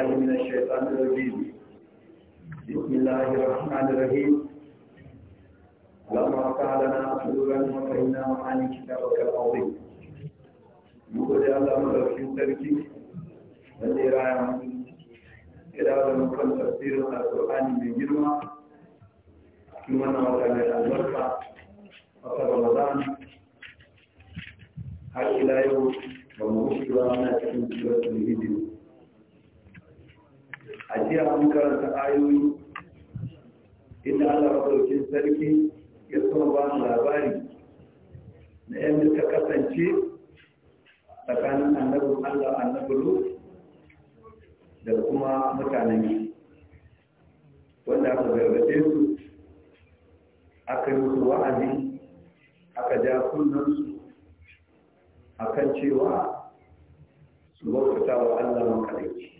بالله من الشيطان الرجيم بسم الله الرحمن الرحيم لما قالنا لنا وفينا معاني كتابك العظيم نقول يا الله مدركين تركي الذي راعي إلى هذا المكان تفسير القرآن من جرمه كما نوضع من البركة وفي رمضان har ila yau ومعوش الله ما تكون ana cikin cikin a jiya karanta ayoyi inda Allah madaukin sarki ya kuma ba mu labari na yadda ta kasance tsakanin annabin Allah annabi Lut da kuma mutanen shi wanda aka zargaje su aka yi musu wa'azi aka ja kunnansu a kan cewa su bautata wa Allah makarici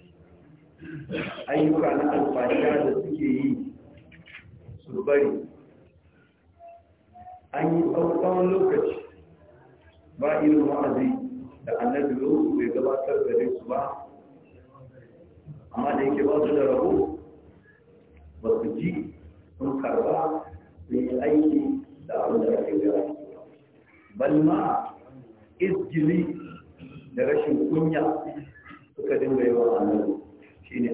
ayyuka na alfashiya da suke yi su bari an yi tsawon lokaci ba irin wa'azi da annabi lokacin bai gabatar da su ba amma da yake ba su da rabo ba su ji sun karba su yi aiki da abin da ake gara balma izgili da rashin kunya suka dinga yawan annabi shi ne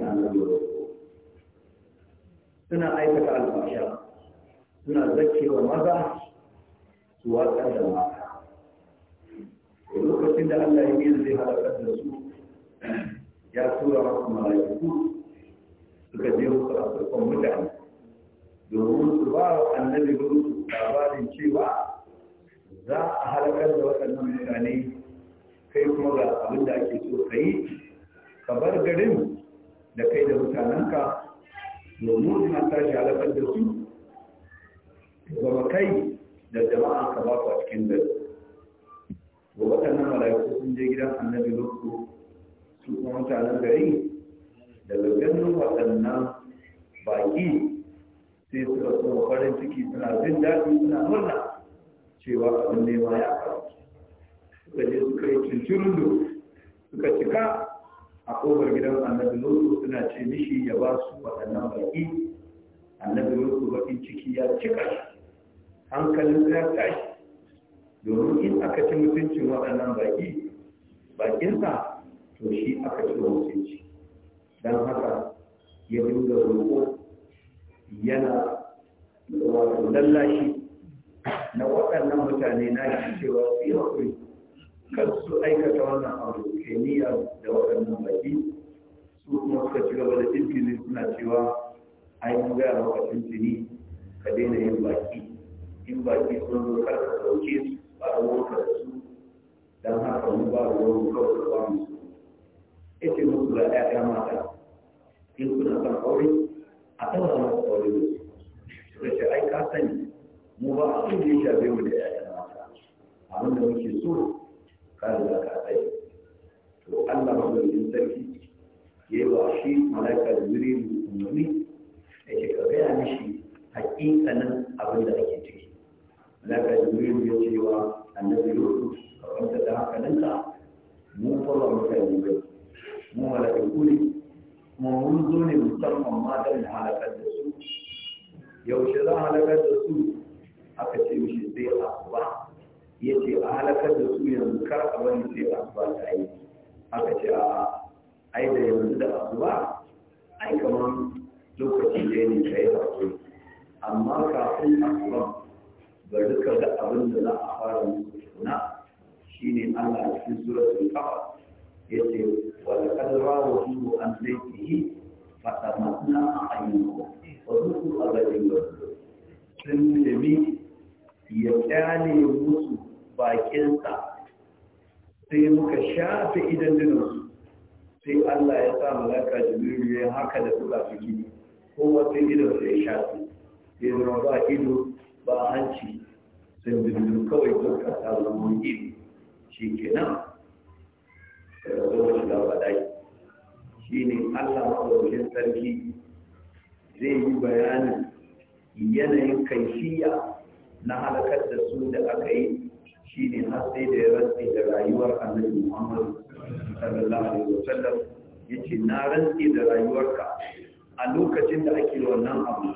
suna aikata alfasha suna zakewa maza su watsar da mata lokacin da Allah ya yi zai halakar da su ya tura masu malayaku suka je wasu a mutane domin su ba wa annabi gudu labarin cewa za a halakar da waɗannan mutane kai kuma ga abin da ake so ka yi ka bar garin da kai da mutanenka domin an tashi halakar da su zama kai da jama'a ka ba ku a cikin da waɗannan mala'iku sun je gidan annabi lokku su kuma mutanen gari daga ganin waɗannan baƙi sai suka so farin ciki suna jin daɗi suna murna cewa abin nema ya faru suka je suka yi cincirin suka cika a kofar gidan annabi lutu suna ce mishi ya ba su waɗannan baƙi. annabi lutu baƙin ciki ya cika shi hankalin ya tashi domin in aka ci mutuncin waɗannan baƙi. Baƙinsa to shi aka ci mutunci don haka ya dinga roƙo yana wato lallashi na waɗannan mutane na cewa su yi kar su aikata wannan abu keniya da waɗannan baki su kuma suka ci gaba da tuntuni suna cewa ai mun gaya maka tuntuni ka daina yin baki in baki sun zo kar ka ɗauke su ba a wanka da su don haka mu ba ruwan kawai ka ba mu su ita musu ga ɗaya mata in kuna kan aure a ɗaura masa aure da su suka ce ai ka sani mu ba a abin da ya shafe mu da ɗaya mata abin da muke so kan da ka tsaye to Allah mabuɗin sarki ya yi wa shi malaka zuri umarni ya ce ka gaya mishi hakikanin abin da ake ciki malaka zuri ya ce wa annabi yusuf ka kwanta da hankalinka mu fara mutane bai mu malaka kuli kuma mun zo ne musamman matan da halakar da su yaushe za a halakar da su aka ce mishi sai a ba ya ce a halakar da su yanzu kar a wani sai a zuwa ta yi aka ce a ai da yanzu da asuba ai kamar lokaci da ne ka yi hakuri amma kafin asuba ga duka da abin da za a fara musu tuna ne Allah a cikin suratul kafa ya ce wani kadra wa su an zai yi fata matna a ayyuka wa zuku a gajin sun nemi ya kyale musu bakinsa sai muka shafe idan dinansu sai Allah ya sa malaka jibrilu ya haka da suka fiki ko sai idan sai shafe sai zama ba ido ba hanci sun dindu kawai duka ta zama ido shi kenan da zuwa shiga badai shi ne Allah maɗaukin sarki zai yi bayanin yanayin kaifiya na halakar da su da aka yi shi ne har da ya rantsi da rayuwar annabi muhammadu sallallahu alaihi wa sallam ya ce na rantsi da rayuwarka a lokacin da ake wannan abu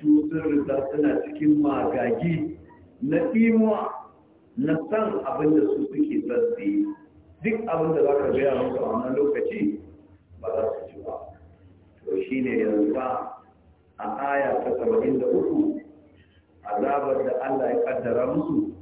su sun suna cikin magagi na imuwa na san abin da su suke tsatsi duk abin da za ka gaya musu a wannan lokaci ba za su ji ba to shi ne yanzu ba a aya ta saba'in da uku azabar da allah ya kaddara musu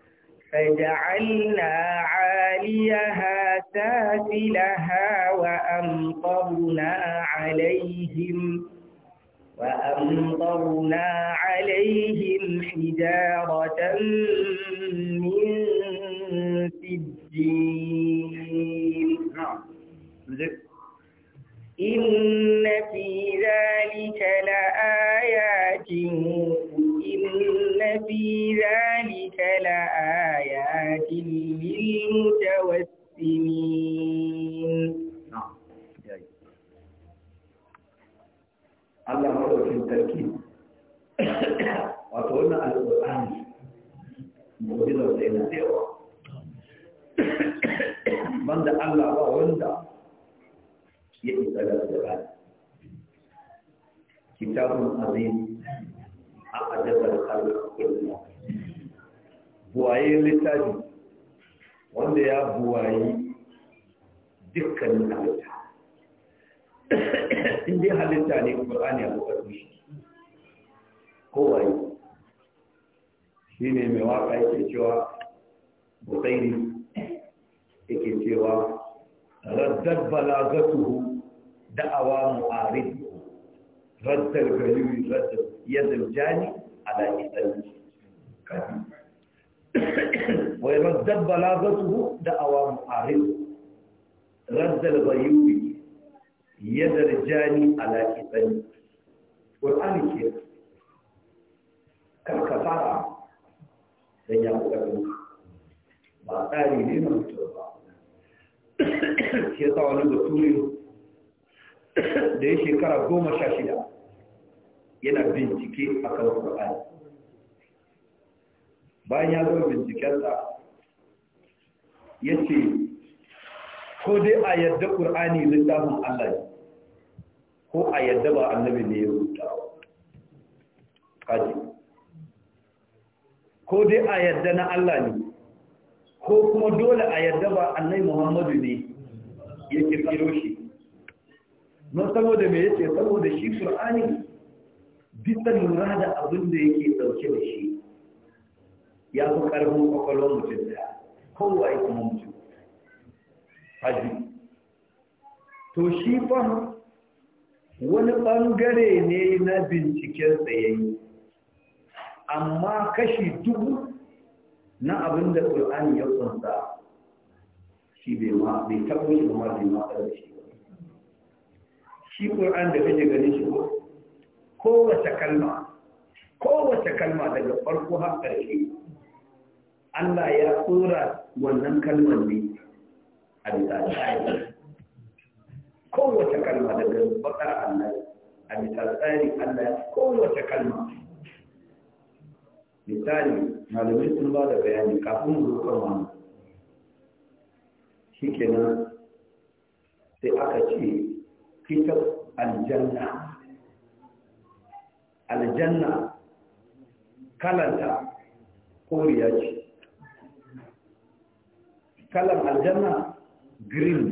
فجعلنا عاليها سافلها وأمطرنا عليهم وأمطرنا عليهم حجارة من سجين نعم. إن في ذلك لآيات إن في ذلك لآيات للمتوسمين نعم، الله هو في التركيب وطولنا القرآن مبيضة لنا سوا من الله هو عند يأتي القرآن كتاب عظيم a ajabar kalmar kullum buwaye littafi wanda ya buwayi dukkanin halitta in dai halitta ne ƙwarani a ƙwarfi shi kowaye shi ne mai waka yake cewa bukairi yake cewa raddar balagatuhu da'awa mu'arid raddar gari raddar ya zaujani ala idanci wai raddar balagatuhu da awa mu'arif raddar bayubi ya zarjani ala idanci ƙur'ani ke karkatara don ya ƙoƙarin ba tsari ne na mutum ba ke sa wani bature da ya shekara goma sha shida yana bincike a kan Qur'ani bayan ya binciken sa. ya ce ko dai a yadda Qur'ani littafin Allah ne ko a yadda ba annabi ne ya rubuta kaji ko dai a yadda na Allah ne ko kuma dole a yadda ba annai Muhammadu ne ya kirkiro shi mun saboda mai yace saboda shi Qur'ani bisa lura da abin da yake ɗauke da shi ya fi ƙarfin ƙwaƙwalwar mutum da kowa kuma mutum haji to shi fa wani ɓangare ne na binciken tsayayi amma kashi dubu na abin da ya kunsa shi bai taɓa shi ma bai shi shi ƙul'an da kake ganin shi ko kowace kalma kowace kalma daga farko har ƙarshe Allah ya tsora wannan kalmar ne a bisa tsari kowace kalma daga bakar Allah a bisa tsari Allah ya kowace kalma misali malamai sun ba da bayani kafin mu zo shi kenan sai aka ce fitar aljanna aljanna kalanta koriya ce kalan aljanna green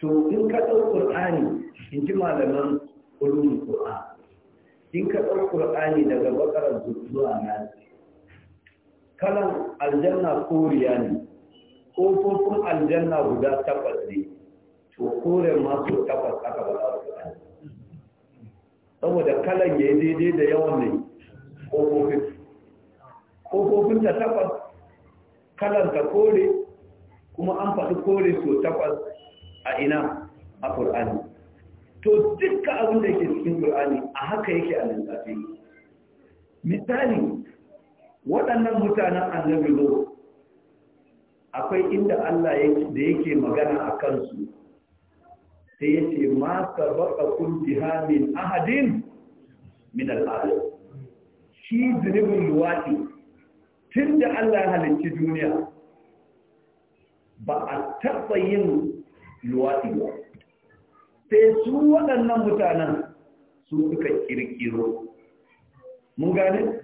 to in ka ɗau ƙur'ani in ji malaman ulumul ƙur'an in ka ɗau ƙur'ani daga bakarar zuwa nasi kalan aljanna koriya ne ƙofofin aljanna guda takwas ne to kore masu takwas aka ba za su saboda kalan ya yi daidai da yawan ne ƙofofin ƙofofin ta takwas kalan ta kore kuma an faɗi kore so takwas a ina a ƙur'ani to duka abin da ke cikin ƙur'ani a haka yake a lantarki. misali waɗannan mutanen annabi lo akwai inda Allah da yake magana a kansu sai ya ce ma sabaka kun biha min ahadin min al’adu shi zunubin luwaɗi tun da Allah ya halicci duniya ba a taɓa yin luwaɗi ba sai su waɗannan mutanen su suka ƙirƙiro mun gane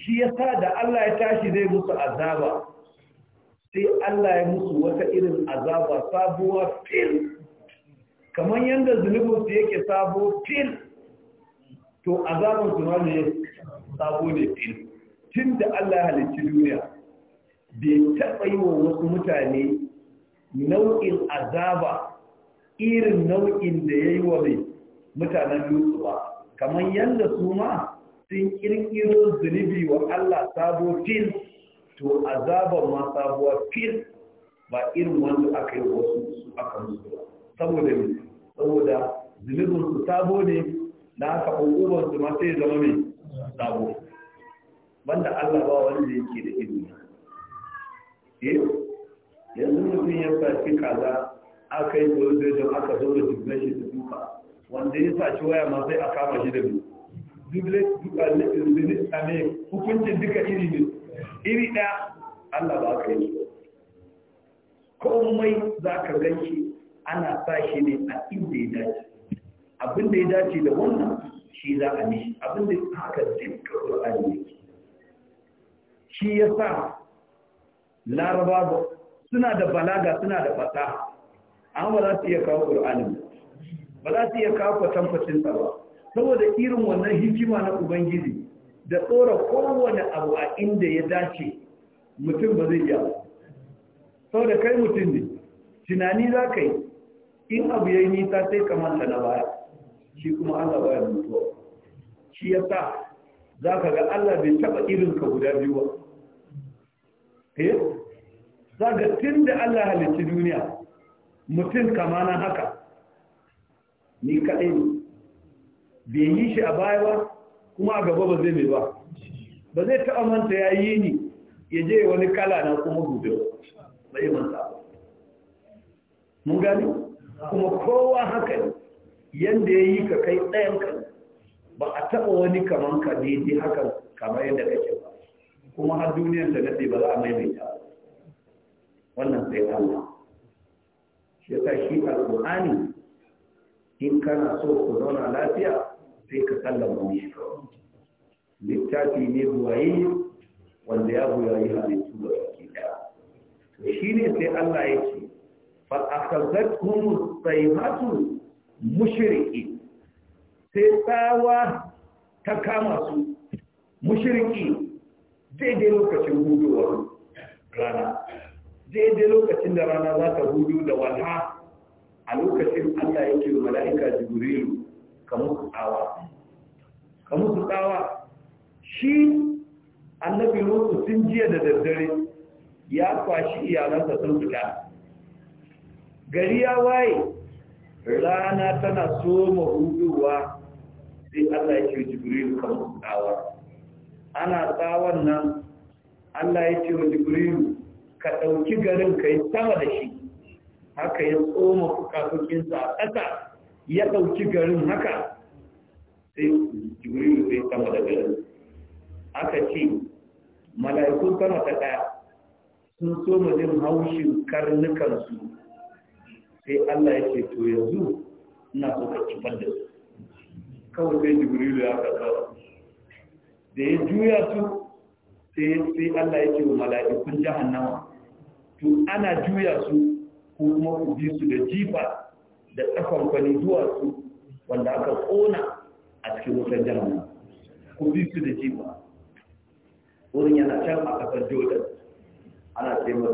shi ya sa da Allah ya tashi zai musu azaba sai Allah ya musu wata irin azaba sabuwa fil kamar yadda zunubinsu yake sabo fil to azabin su ne sabo ne fil tun da Allah halicci duniya bai taɓa yi wa wasu mutane nau'in azaba irin nau'in da ya yi wa mai mutanen lutu ba kamar yadda su ma sun ƙirƙiro zunubi wa Allah sabo fil to azaban ma sabuwa fil ba irin wanda aka yi wasu su aka musu ba saboda mai saboda zunubin su sabo ne da aka hukumar su ma sai zama mai sabo banda Allah ba wanda yake da ilimi eh yanzu mutum ya saci kaza aka yi don aka zo da dublan shi duka wanda ya sace waya ma sai a kama shi da biyu dublan duka zunubi a ne hukuncin duka iri ne iri ɗaya Allah ba ka yi komai za ka gan shi ana sa shi ne a inda ya dace abin da ya dace da wannan shi za a mishi abin da haka duk ƙur'ani yake shi ya sa laraba suna da balaga suna da fata an ba za su iya kawo ƙur'ani ba za su iya kawo kwatankwacin tsawa saboda irin wannan hikima na ubangiji da tsora kowane abu a inda ya dace mutum ba zai iya saboda kai mutum ne tunani za ka yi in abu ya yi nisa sai kamanta na baya shi kuma Allah baya mutuwa shi ya sa za ka ga Allah bai taɓa ka guda biyu ba eh za ga tun da Allah halicci duniya mutum kama na haka ni kaɗai ne bai yi shi a baya ba kuma a gaba ba zai mai ba ba zai taɓa manta ya yi ni ya je wani kala na kuma gobe ba yi manta mun gani kuma kowa haka ne yanda ya yi ka kai ɗayan ka ba a taɓa wani kamar ka daidai haka kamar yadda kake ba kuma har duniyar da nade ba za a maimaita wannan sai Allah shi yasa shi alƙur'ani in kana so ku zauna lafiya sai ka sallama mishi littafi ne buwaye wanda ya buwaye halittu da baki ɗaya shi ne sai Allah ya ce fa akhazatuhum sayhatu mushriki sai tsawa ta kama su mushriki daidai lokacin hudowar rana daidai lokacin da rana za ta hudu da wata a lokacin Allah yake mala'ika jibrilu kamar su tsawa kamar su tsawa shi annabi rusu sun jiya da daddare ya kwashi iyalansa sun fita gari ya waye rana tana soma huduwa sai Allah ya ce jibril ka tsawa ana tsawon nan Allah ya ce wa jibril ka ɗauki garin ka sama da shi haka ya tsoma sa a ƙasa ya ɗauki garin haka sai jibril sai sama da garin aka ce mala'ikun sama ta ɗaya sun soma jin haushin karnukansu sai Allah ya ce to yanzu ina so ka kifar da su kawai sai jibrilu ya karɓa da ya juya su sai sai Allah ya ce wa mala'ikun jahannama to ana juya su ko kuma ku bi su da jifa da kafan kwani zuwa su wanda aka kona a cikin wutar jahannama ku bi su da jifa wurin yana can a kasar jordan ana ce ma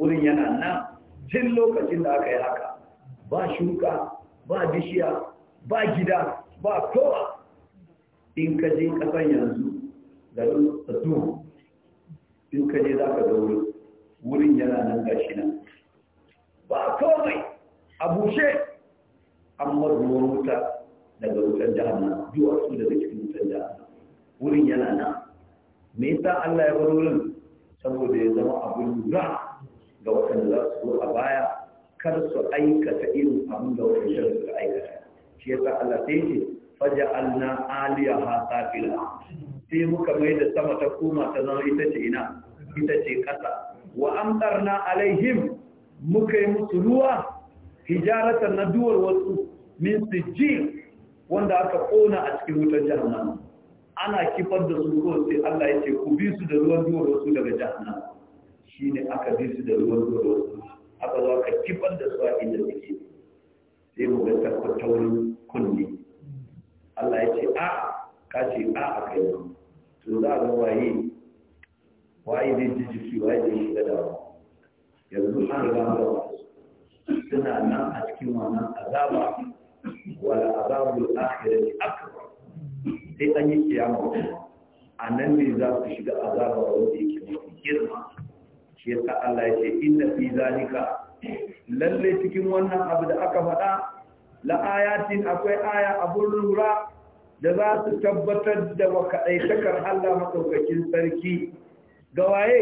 wurin yana nan jin lokacin da aka yi haka ba shuka ba bishiya ba gida ba kowa in ka je kasan yanzu garin tsattu in ka je za ka ga wurin wurin yana nan gashi nan ba komai a bushe an marmuwar wuta daga wutar su duwatsu daga cikin wutar jahannan wurin yana nan me yasa Allah ya bar wurin saboda ya zama abin zuwa? ga waɗanda za su zo a baya kar su aikata irin abin da shirin suka aikata shi yasa Allah sai ce faja'alna ha safila sai muka mai da sama ta koma ta zama ita ce ina ita ce ƙasa wa amtarna alaihim muka yi musu ruwa hijaratar na duwar wasu min sijil wanda aka kona a cikin wutar jahannama ana kifar da su ko sai Allah ya ce ku bi su da ruwan duwar wasu daga jahannama shi ne aka bi su da ruwan doro aka zo aka kifar da su a inda suke sai mu ga takwar taurin kunne Allah ya ce a ka ce a a kai ba to za a ga waye waye zai ji jiki waye zai shiga da yanzu an riga su. suna nan a cikin wannan azaba wala azabul akhirati akbar sai an yi kiyama a nan ne za su shiga azaba wanda yake mafi girma shi yasa Allah ya ce inna fi zalika lalle cikin wannan abu da aka faɗa la ayatin akwai aya abun lura da za su tabbatar da makaɗaitakar Allah maɗaukakin sarki ga waye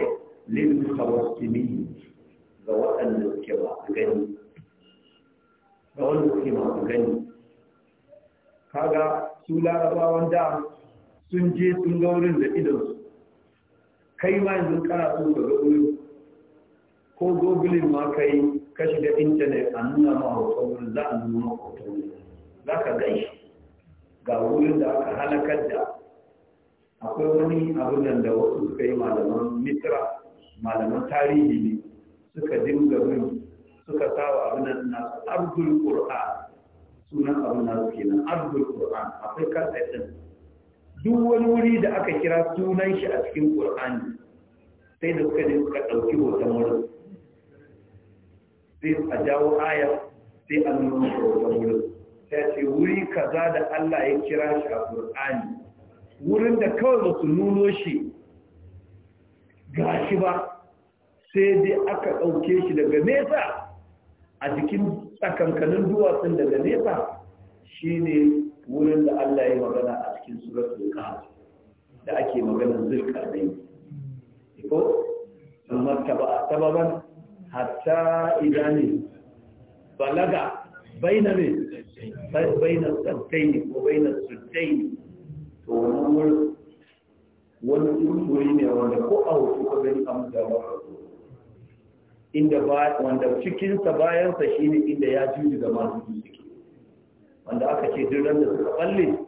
lil khawastimi ga waɗanda suke ba gani ga wanda suke ba gani kaga su larabawan da sun je sun ga wurin da idonsu kai ma yanzu kana so ka ga wurin ko google ma ka yi ka shiga intanet a nuna ma hoto wurin za a nuna ma hoto wurin za ka gai shi ga wurin da aka halakar da akwai wani abin nan da wasu suka yi malaman mitra malaman tarihi ne suka dinga bin suka sawa abin nan na abdul qur'an sunan abin nan kenan abdul qur'an akwai kasa ɗin duk wani wuri da aka kira sunan shi a cikin qur'ani sai da suka dinga ɗauki hoton wurin sai a jawo ayar sai an nuna shi wata wurin Sai ce wuri kaza da Allah ya kira shi a Qur'ani wurin da kawai ba su nuno shi gashi ba sai dai aka ɗauke shi daga nesa a jikin tsakankanin duwatsun daga nesa shine wurin da Allah ya magana a cikin suratul ƙasa, da ake maganar zulkarnain ko amma taba'a sababan hatta idani balaga baina ne baina sattai ko baina suttai to wannan wani tsuntsoyi ne wanda ko a wasu ka gani a gaba inda ba wanda cikinsa bayansa shi ne inda ya juji da masu suke wanda aka ce duk ran da suka balle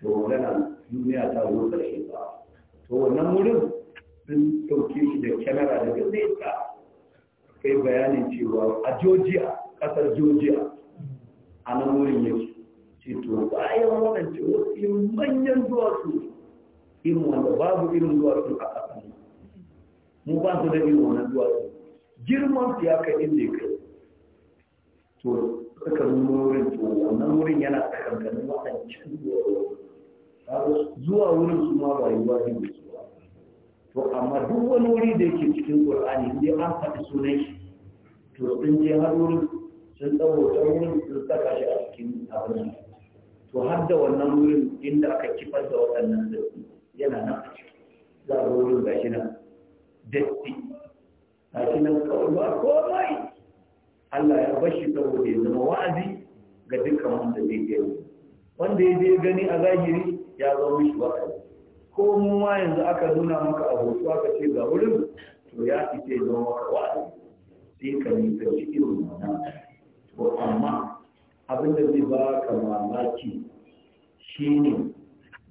to magana duniya ta zo ƙarshe ba to wannan wurin sun ɗauke shi da kyamara daga zai kai bayanin cewa a Georgia kasar Georgia a nan wurin yake ce to bayan wannan ce wasu irin manyan duwatsu irin wanda babu irin duwatsu a kasar mu ba su da irin wannan duwatsu girman su ya kai inda ya kai to suka nuna wurin to wannan wurin yana tsakankanin waɗancan duwatsu zuwa wurin su ma ba yi su to amma duk wani wuri da yake cikin qur'ani inda an faɗi sunan shi to sun je har wurin sun tsawo ta wurin sun saka shi a cikin abin to har da wannan wurin inda aka kifar da waɗannan zafi yana nan a ciki za a wurin ga shi nan datti ga shi nan kawai ba komai Allah ya bar shi saboda ya zama wa'azi ga dukkan wanda zai gani wanda ya je gani a zahiri ya zo mishi wa'azi ko mu ma yanzu aka nuna maka abu hoto aka ce ga wurin to ya fice don maka wani. sai ka ci irin wannan to amma abin da zai ba ka mamaki shine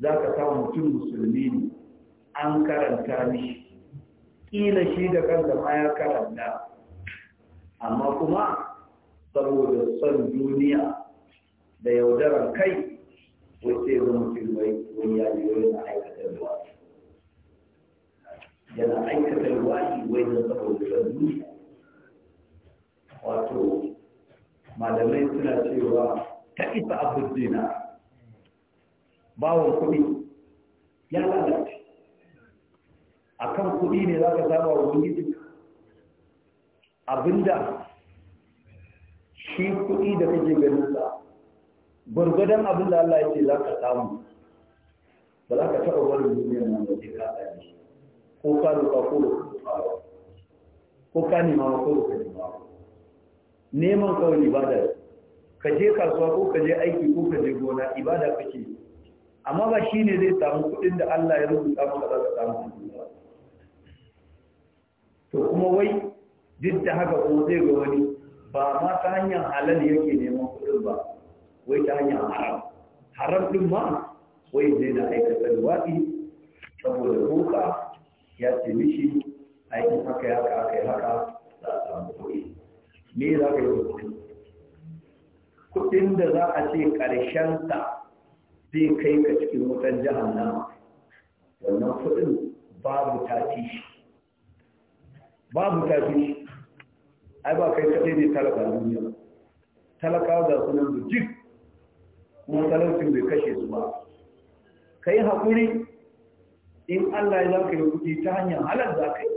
za ka samu mutum musulmi ne an karanta mishi kila shi da kansa ma ya karanta amma kuma saboda son duniya da yaudarar kai wace zan mutum wai wani ya biyo yana aikata luwaɗi yana aikata luwaɗi wai na saboda zan wato malamai suna cewa ta isa abin dina bawon kuɗi ya lalace a kan kuɗi ne za ka saba wa ubangiji abinda shi kuɗi da kake ganin sa gwargwadon abin da Allah yake za ka samu ba za ka taɓa wani duniyar nan da ka tsari ko ka roƙa ko ka ko ka nema ko ka nema neman kawai ibada ka je kasuwa ko ka je aiki ko ka je gona ibada kake amma ba shi ne zai samu kuɗin da Allah ya rubuta maka za ka samu to kuma wai duk da haka ko zai ga wani ba ma ta hanyar halal yake neman kuɗin ba wai ta hanyar haram haram din ma wai zai na aikata luwaɗi saboda roƙa ya ce mishi aikin haka ya ka aka yi haka za a samu kuɗi me za ka yi wa kuɗi kuɗin da za a ce ƙarshen sa zai kai ka cikin wutan nan wannan kuɗin babu tafi babu tafi ai ba kai kaɗai ne talaka duniya talakawa ga sunan bujik kuma talaucin bai kashe su ba ka yi haƙuri in Allah ya za ka yi kuɗi ta hanyar halar za ka yi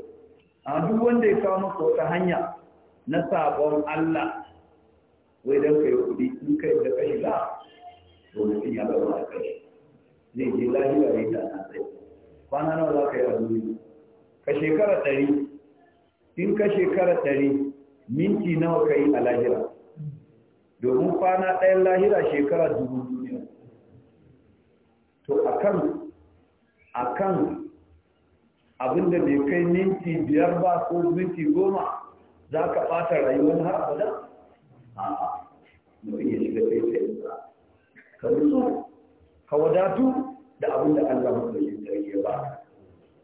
a duk wanda ya kawo maka wata hanya na sabon Allah wai don ka yi kuɗi in ka yi da ka shiga to mutum ya gaba a kai zai je lahira ya ta na tsaye kwana nawa za ka yi a duniya ka shekara ɗari in ka shekara ɗari minti nawa ka yi a lahira domin kwana ɗayan lahira shekara dubu duniya to akan akan abinda bai kai minti biyar ba ko minti goma za ka ɓata rayuwar har abada a'a mu iya shiga sai ba. ka rusu ka wadatu da abin da Allah ta sarki ba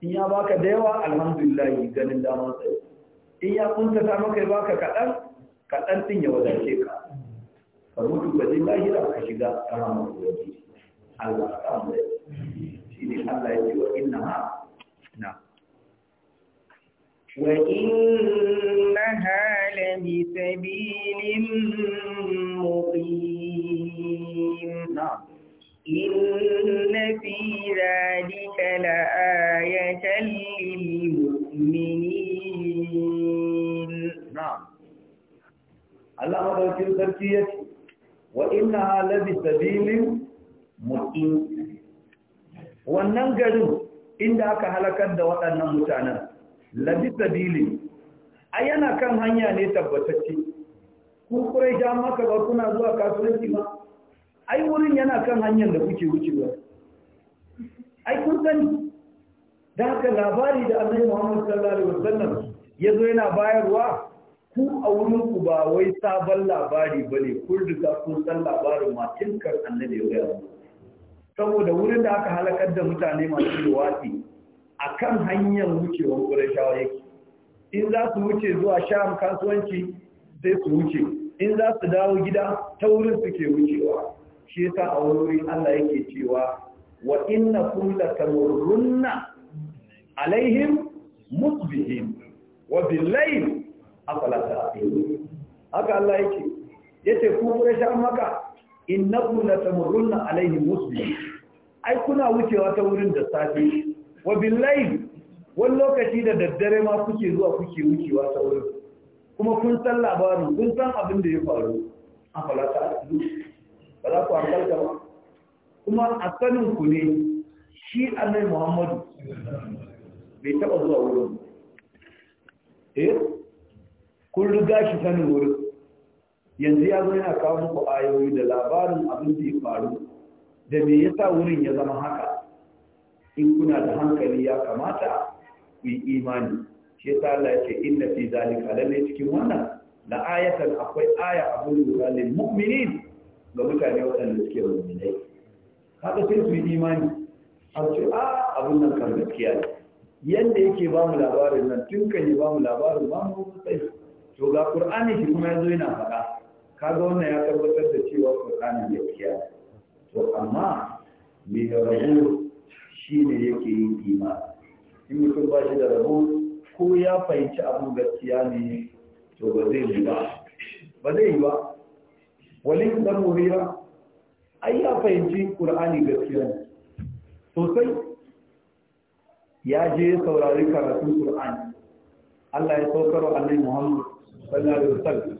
in ya baka da yawa alhamdulillah ganin damar tsaye in ya kunta ta maka baka kaɗan kaɗan ɗin ya wadace ka ka mutu ka je lahira ka shiga karamar waje Allah ka amma shi ne Allah ya ce wa inna ha na wa innaha la bi sabilin muqim na إن في ذلك لآية للمؤمنين نعم الله هذا الكرسي wa innaha labi sabilin mutu wannan garin inda aka halakar da waɗannan mutanen labi sabilin ai yana kan hanya ne tabbatacce ku kurai ja maka ba kuna zuwa kasuwanci ba ai wurin yana kan hanyar da kuke wucewa ai kun sani da haka labari da annabi Muhammad sallallahu alaihi wasallam yazo yana bayarwa ku a wurinku ba wai sabon labari ba ne kun riga kun san labarin ma kan annabi ya gaya saboda wurin da aka halakar da mutane masu luwati a kan hanyar wucewar ƙurashawa yake in za su wuce zuwa sham kasuwanci sai su wuce in za su dawo gida ta wurin suke wucewa shi yasa a wurin Allah yake cewa wa inna kum latamurrunna alaihim musbihin wa bil afala ta haka Allah yake yace ku quraishan maka innakum latamurruna alaihi muslim ai kuna wucewa ta wurin da safi wa billahi wani lokaci da daddare ma kuke zuwa kuke wucewa ta wurin kuma kun san labarin kun san abin da ya faru afala ta ba za ku hankalta ba kuma a sanin ku ne shi annai muhammadu bai taɓa zuwa wurin eh kun riga shi sanin wuri. yanzu ya zo yana kawo muku ayoyi da labarin abin da ya faru da me yasa wurin ya zama haka in kuna da hankali ya kamata ku yi imani shi yasa Allah ya ce inna fi zalika lalle cikin wannan la ayatan akwai aya abun da lil mu'minin ga mutane waɗanda suke mu'minai haka sai su yi imani a ce a abin nan kan gaskiya ne yanda yake ba mu labarin nan tun kan yi ba mu labarin ba mu sai to ga qur'ani shi kuma yazo yana faɗa kaga wannan ya tabbatar da cewa qur'ani kiya to amma mai shi shine yake yin imani in mutum ba shi da rabu ko ya fahimci abin gaskiya ne to ba zai yi ba ba zai yi ba wani dan murira ai ya fahimci qur'ani gaskiya ne sosai ya je saurari karatun qur'ani Allah ya saukar wa annabi Muhammad صلى الله عليه وسلم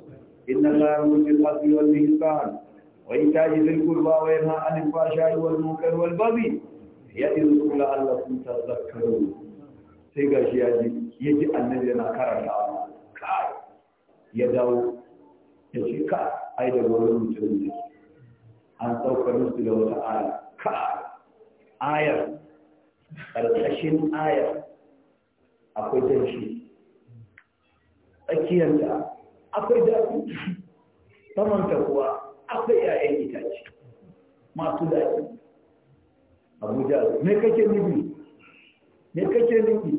إن الله يأمر بالعدل والإحسان وإيتاء ذي القربى وينهى عن الفحشاء والمنكر والبغي يعظكم لعلكم تذكرون sai ga ya ji annabi yana karanta kai ya dawo ya ce ka ai da wurin mutum ne an saukar musu da wata ka ayar ƙarƙashin ayar akwai danshi tsakiyar da akwai daɗi samanta kuwa akwai ‘ya'yan itace masu daɗi abuja me kake nufi me kake nufi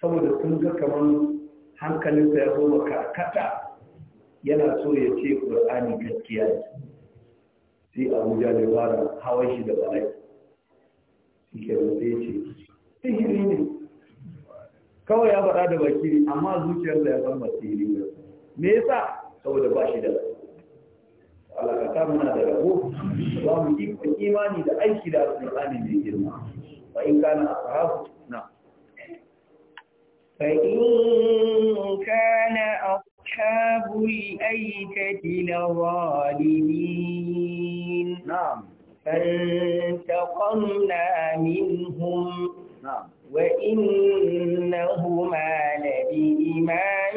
saboda sun ga kamar hankalinsa ya zo karkata yana so ya ce ƙur'ani gaskiya ne sai abuja da fara hawan shi da bala'i shi ke sai ce sihiri ne kawai ya faɗa da baki ne amma zuciyar da ya san masiri ne me yasa saboda ba shi da Allah ka ta muna da rabo za mu yi imani da aiki da alƙur'ani mai girma fa in kana ashabu na fa in kana ashabu al-aykati lawalimin na'am فانتقمنا منهم نعم وإنهما لبإمام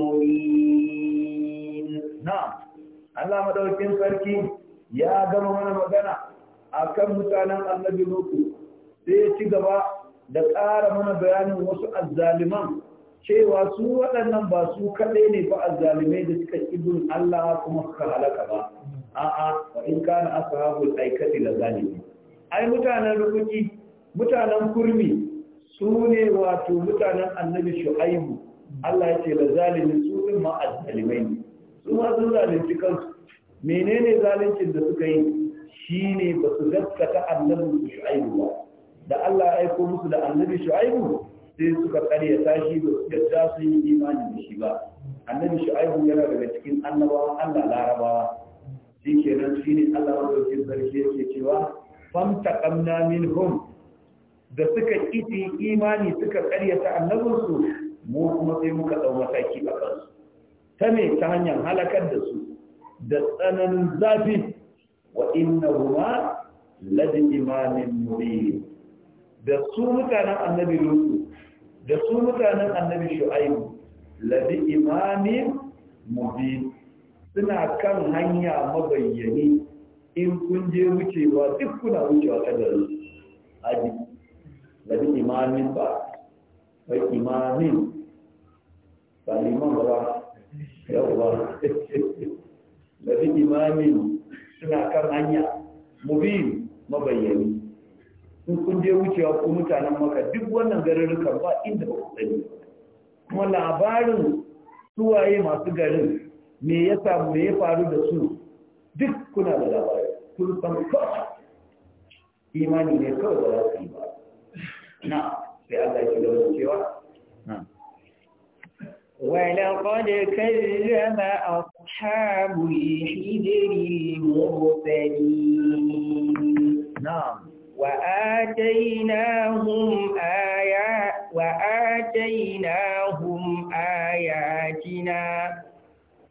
مبين نعم الله مدوكين سركي يا جماعة من مدنا akan mutanen annabi Nuhu sai ya ci gaba da ƙara mana bayanin wasu azzaluman cewa su waɗannan ba su kaɗai ne ba azzalumai da suka ibin Allah kuma suka halaka ba a'a wa in kana ashabul aikati la zalimi ai mutanen rukuki mutanen kurmi su ne wato mutanen annabi shu'aibu Allah ya ce da zalimin su din ma azzalimai su ma sun zalunci kansu menene zaluncin da suka yi ne ba su gaskata annabin shu'aibu ba da Allah ya aiko musu da annabi shu'aibu sai suka karya tashi ba su yadda sun yi imani da shi ba annabi shu'aibu yana daga cikin annabawa Allah larabawa shi kenan shine Allah madaukakin sarki yake cewa famtaqamna da suka ƙi imani suka ƙaryata annabinsu mu kuma sai muka ɗau mataki a kansu ta ne ta hanyar halakar da su da tsananin zafi wa inna huma ladi imanin da su mutanen annabi lutu da su mutanen annabi shu'aibu ladi imanin suna kan hanya mabayyani in kun je wucewa duk kuna wucewa ta garin imamin ba wai imamin ba liman ba yawwa da bi imamin suna kan hanya mubin mabayyani in kun je wucewa ko mutanen maka duk wannan garurrukan ba inda ba sani kuma labarin suwaye masu garin me ya samu me ya faru da su duk kuna da labari kun san kawai imani ne kawai ba za su yi ba نعم. نعم. ولقد كذب أصحاب الحجر المرسلين نعم وآتيناهم آيات وآتيناهم آياتنا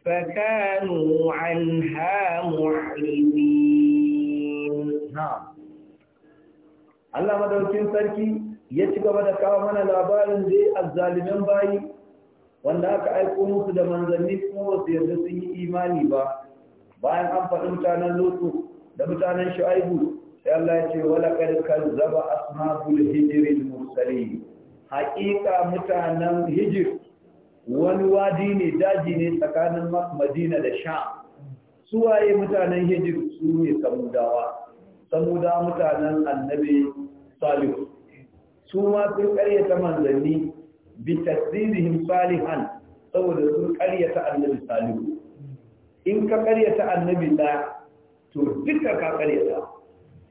فكانوا عنها معرضين نعم الله مدوكين تركي ya ci gaba da kawo mana labarin da ya azzalumin bayi wanda aka aiko musu da manzanni kuma wasu yarda sun yi imani ba bayan an faɗi mutanen lotu da mutanen shu'aibu sai Allah ya ce wala kad kazzaba ashabul hijr al mursalin haƙiƙa mutanen hijir wani wadi ne daji ne tsakanin madina da sha suwaye mutanen hijir su ne samudawa samuda mutanen annabi salihu su ma sun karyata manzanni bi tasdidihim salihan saboda sun karyata annabi salihu in ka karyata annabi da to duka ka karyata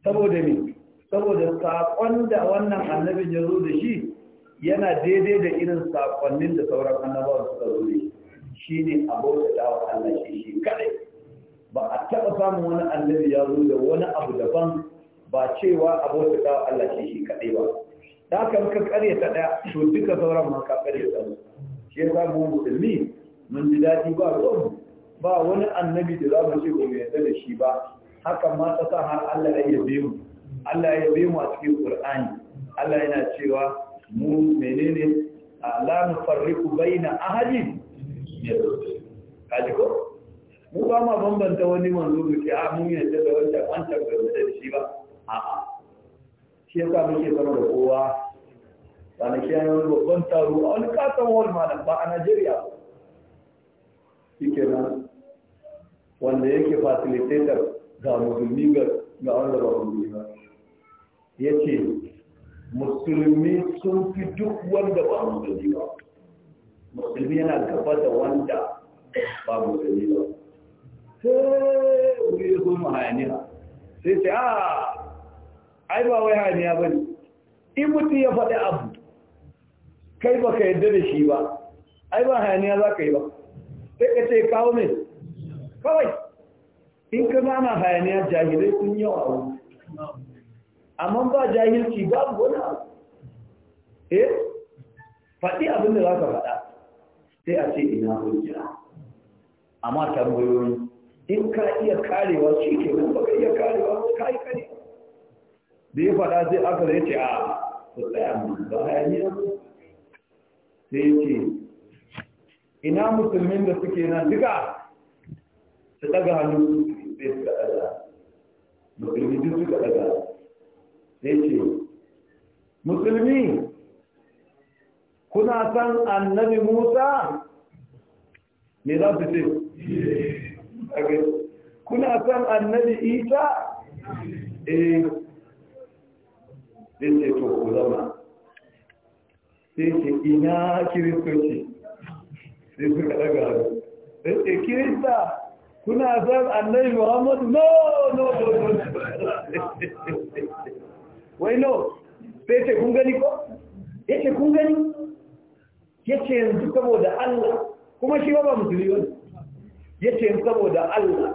saboda me saboda sakon da wannan annabin ya zo da shi yana daidai da irin sakonnin da sauran annabawa suka zo da shi a abota wa Allah shi shi kadai ba a taɓa samun wani annabi ya zo da wani abu daban ba cewa abota wa Allah shi shi kadai ba da aka in ka ta ɗaya to duka sauran ma ka karyata ta shi yasa mu musulmi mun ji daɗi ba ruwan ba wani annabi da za mu ce ba mu yarda da shi ba hakan ma ta sa har Allah ya yabe mu Allah ya yabe mu a cikin Qur'ani Allah yana cewa mu menene la nufarriqu baina ahadin kaji ko mu ba ma bambanta wani manzo ke a mun yarda da wancan wancan da shi ba a'a shi yasa muke sama da kowa kwanaki an wani babban taro a wani katon wani malam ba a najeriya shi kenan wanda yake facilitator ga musulmi ga wanda ba musulmi ba ya ce musulmi sun fi duk wanda ba musulmi ba musulmi yana gaba da wanda ba musulmi ba sai wuri ya zo mahayaniya sai sai a ah, ai ba wai haniya ba ne in mutum ya faɗi abu kai ba ka yadda da shi ba ai ba haniya za ka yi ba sai ka ce kawo mai kawai in ka zana hayaniya jahilai sun yau a wuri amma ba jahilci babu wani abu eh faɗi abin da za ka faɗa sai a ce ina hujja amma tambayoyi in ka iya karewa shi ke nan ba ka iya karewa ka yi karewa da ya faɗa sai aka ya ce a ku tsaya ba hayaniya sai ce ina musulmin da suke nan duka su ɗaga hannu sai suka ɗaga musulmi duk suka ɗaga sai ce musulmi kuna san annabi musa me za su ce kuna san annabi isa eh zai to ku zauna sai ce ina kiristoci sai suka daga hannu sai ce kirista kuna zan annabi muhammad no no no wai no sai ce kun gani ko ya ce kun gani ya ce yanzu saboda allah kuma shi ba musulmi wani ya ce yanzu saboda allah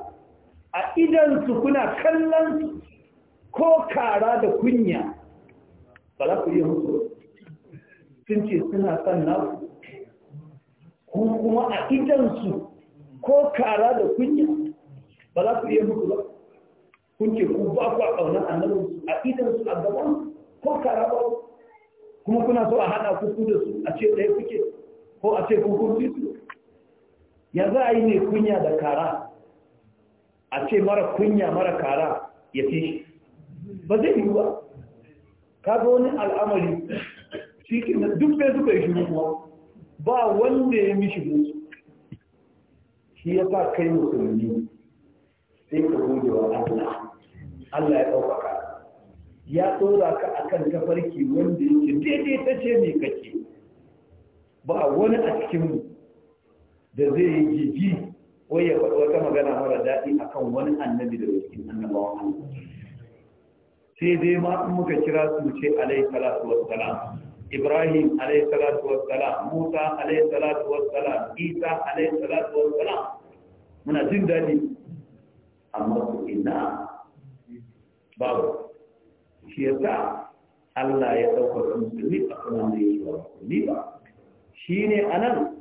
a idansu kuna kallon ko kara da kunya ba za ku yi musu sun ce suna son na ku kuma a idansu ko kara da kunya ba za ku iya musu ba kun ce ku ba ku a ƙaunar annabinsu a idansu a gaban ko kara ba kuma kuna so a haɗa kuku da su a ce ɗaya kuke ko a ce kuku su ya za a yi ne kunya da kara a ce mara kunya mara kara ya fi shi ba zai yi ba kaga wani al'amari shi ke duk da suka yi shiru kuma ba wanda ya mishi musu shi ya sa kai musulmi sai ka gode wa Allah Allah ya ɗaukaka ya tsora ka akan tafarki wanda yake daidai ta ce mai kake ba wani a cikinmu da zai yi jiji wai ya faɗi wata magana mara daɗi akan wani annabi da wasu annabawan sai dai ma in muka kira su ce alaihi salatu wassalam ibrahim alaihi salatu wassalam musa alaihi salatu wassalam isa alaihi salatu wassalam muna jin daɗi amma su ina babu shi yasa Allah ya dauka musulmi a kan wanda ya wa musulmi ba shi ne a nan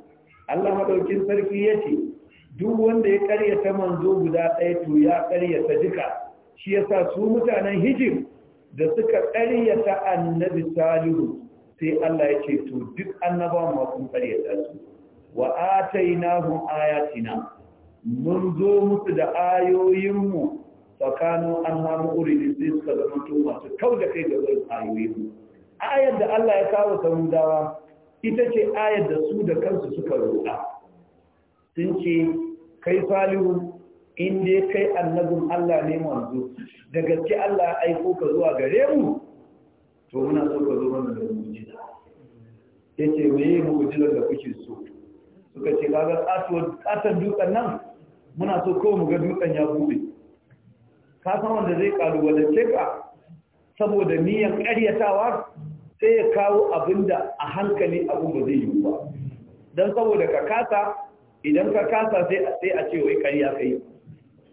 Allah madaukin sarki ya ce duk wanda ya ƙaryata manzo guda ɗaya to ya ƙaryata duka shi yasa su mutanen hijir da suka ƙaryata annabi salihu sai Allah ya ce to duk annaba ma kun ƙaryata su wa atainahum ayatina mun zo musu da ayoyinmu tsakanin an hamu urini sai suka zama to masu kau da kai ga wurin ayoyinmu ayar da Allah ya kawo samudawa ita ce ayar da su da kansu suka roƙa sun ce kai salihu in dai kai annabin Allah ne manzo da gaske Allah ya aiko ka zuwa gare mu to muna so ka zo mana da mu'jiza yace me yi mu'jizar da kuke so suka ce kaga kasuwar tsatar dukan nan muna so ko mu ga dukan ya bude ka san wanda zai kalubalance ka saboda niyan ƙaryatawa sai ya kawo abinda a hankali abin ba zai yi ba don saboda ka kasa idan ka kasa sai a ce wai ƙarya kai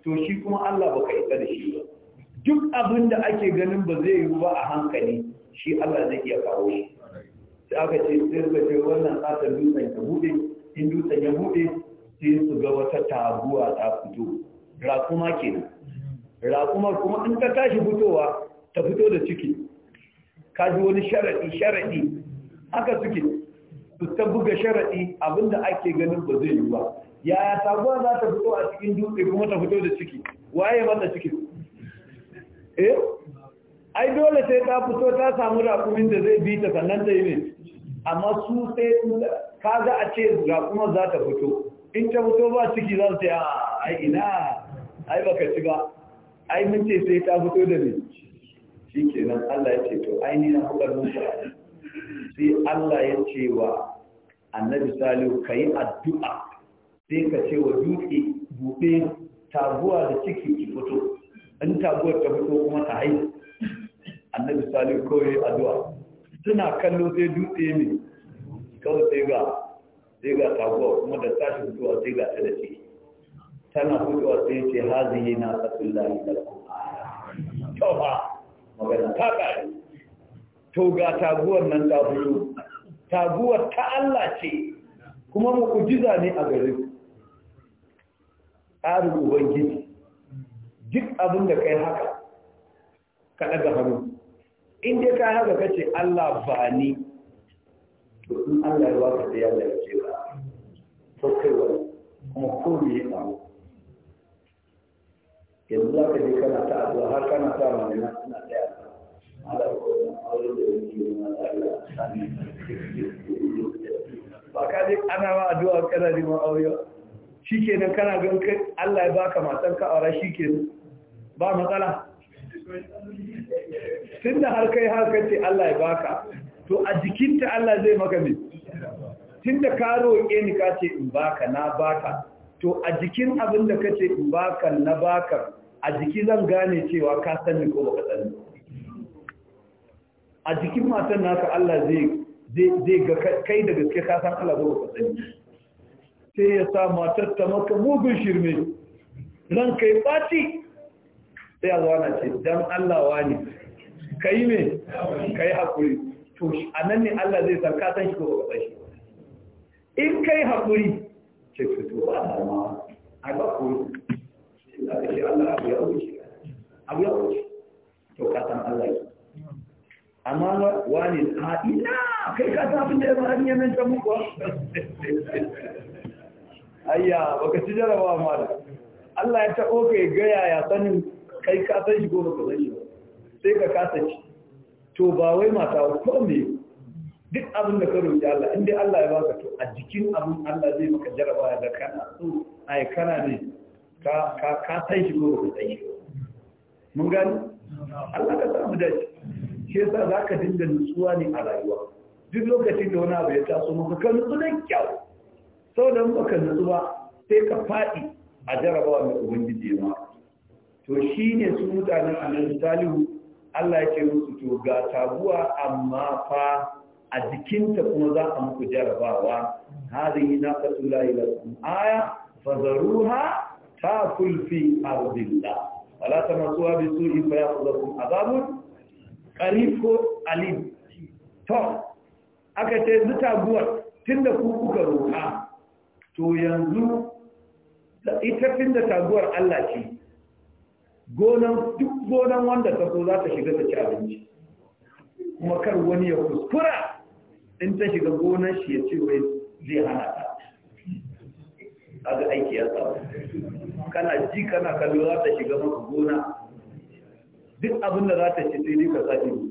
to shi kuma Allah baka isa da shi ba duk abin da ake ganin ba zai yi ba a hankali shi Allah zai iya kawo shi sai aka ce sai suka ce wannan tsatar dutsen ya bude in dutsen ya bude sai su ga wata taguwa ta fito rakuma kenan rakumar kuma in ta tashi fitowa ta fito da ciki ka ji wani sharaɗi sharaɗi haka suke su ta buga sharaɗi abinda ake ganin ba zai yi ba yaya sabuwa za ta fito a cikin dutse kuma ta fito da ciki waye mata ciki eh ai dole sai ta fito ta samu rakumin da zai bi ta sannan ta yi ne amma su sai ka za a ce rakuma za ta fito in ta fito ba ciki za su ce a ah, ina ai baka ci ba ai mun ce sai ta fito da ne shi kenan Allah ya ce to ai ni na hukar musu sai Allah ya ce wa annabi salihu ka yi addu'a sai ka ce wa dutse gobe taguwa da ciki ki fito in taguwar ta fito kuma ta haihu annabi salihu kawai addu'a suna kallo sai dutse ne kawai sai ga sai ga taguwa kuma da tashi fitowa sai ga ta da ciki tana fitowa sai ce hazihi na tsakillah da kuma magana ta ƙare to ga taguwar nan ta fito taguwar ta Allah ce kuma mu'ujiza ne a gare ku tsarin ubangiji duk abin da kai haka ka daga hannu inda ka haka ka ce Allah ba ni to in Allah ya waka da yawon ya ce ba to kai wani kuma ko ya samu yanzu za ka je kana ta addu'a har kana ta mana suna da ba ka ji ana ma addu'a kana neman aure shikenan kana gan kai Allah ya baka matan ka aure shikenan ba matsala da har kai har kace Allah ya baka to a jikinta Allah zai maka tun da ka roƙe ni ka ce in baka na baka to a jikin abin da kace in baka na baka a jiki zan gane cewa ka sani ko baka sani a jikin matan naka Allah zai zai ga kai da gaske ka san Allah ko baka sani sai ya sa matar ta maka mugun shirme nan kai ɓaci sai ya zuwa ce don Allah wani ka yi me ka yi haƙuri to a nan ne Allah zai sarka san shi ko ba shi in ka yi haƙuri ce fito ba a ma a ba shi Allah abu ya wuce abu ya wuce to ka san Allah yi amma wani a ina kai ka san abin da ya ba an yi nan ta muku ayya baka ci jarabawa mala Allah ya taɓo ka gaya ya sanin kai ka san shi gobe ka san shi sai ka kasa shi to ba wai mata ko me duk abin da ka roƙi Allah in dai Allah ya baka to a jikin abin Allah zai maka jarabawa da kana so ai kana ne ka ka ka san shi gobe ka san shi mun gani Allah ka mu dace shi yasa zaka dinga nutsuwa ne a rayuwa duk lokacin da wani abu ya taso maka ka nutsu da kyau sau da baka nutsu ba sai ka faɗi a jarabawa mai ubangiji ma to shi ne su mutanen annabi salihu Allah ya ce musu to ga taguwa amma fa a jikinta kuma za a muku jarabawa hadhihi naqatu la ilakum aya fazaruha takul fi ardillah wala tamassuha bisu'in fayakhudhukum A qarib ko alim to aka ce zuta guwar tun da kuka roka. to yanzu ita tun da taguwar Allah ce gonan duk gonan wanda ta so za ta shiga ta ci abinci kuma kar wani ya kuskura in ta shiga gonan shi ya ce wai zai hana ta a ga aiki ya tsawo kana ji kana kallo za ta shiga maka gona duk abin da za ta ci sai dai ka sake ido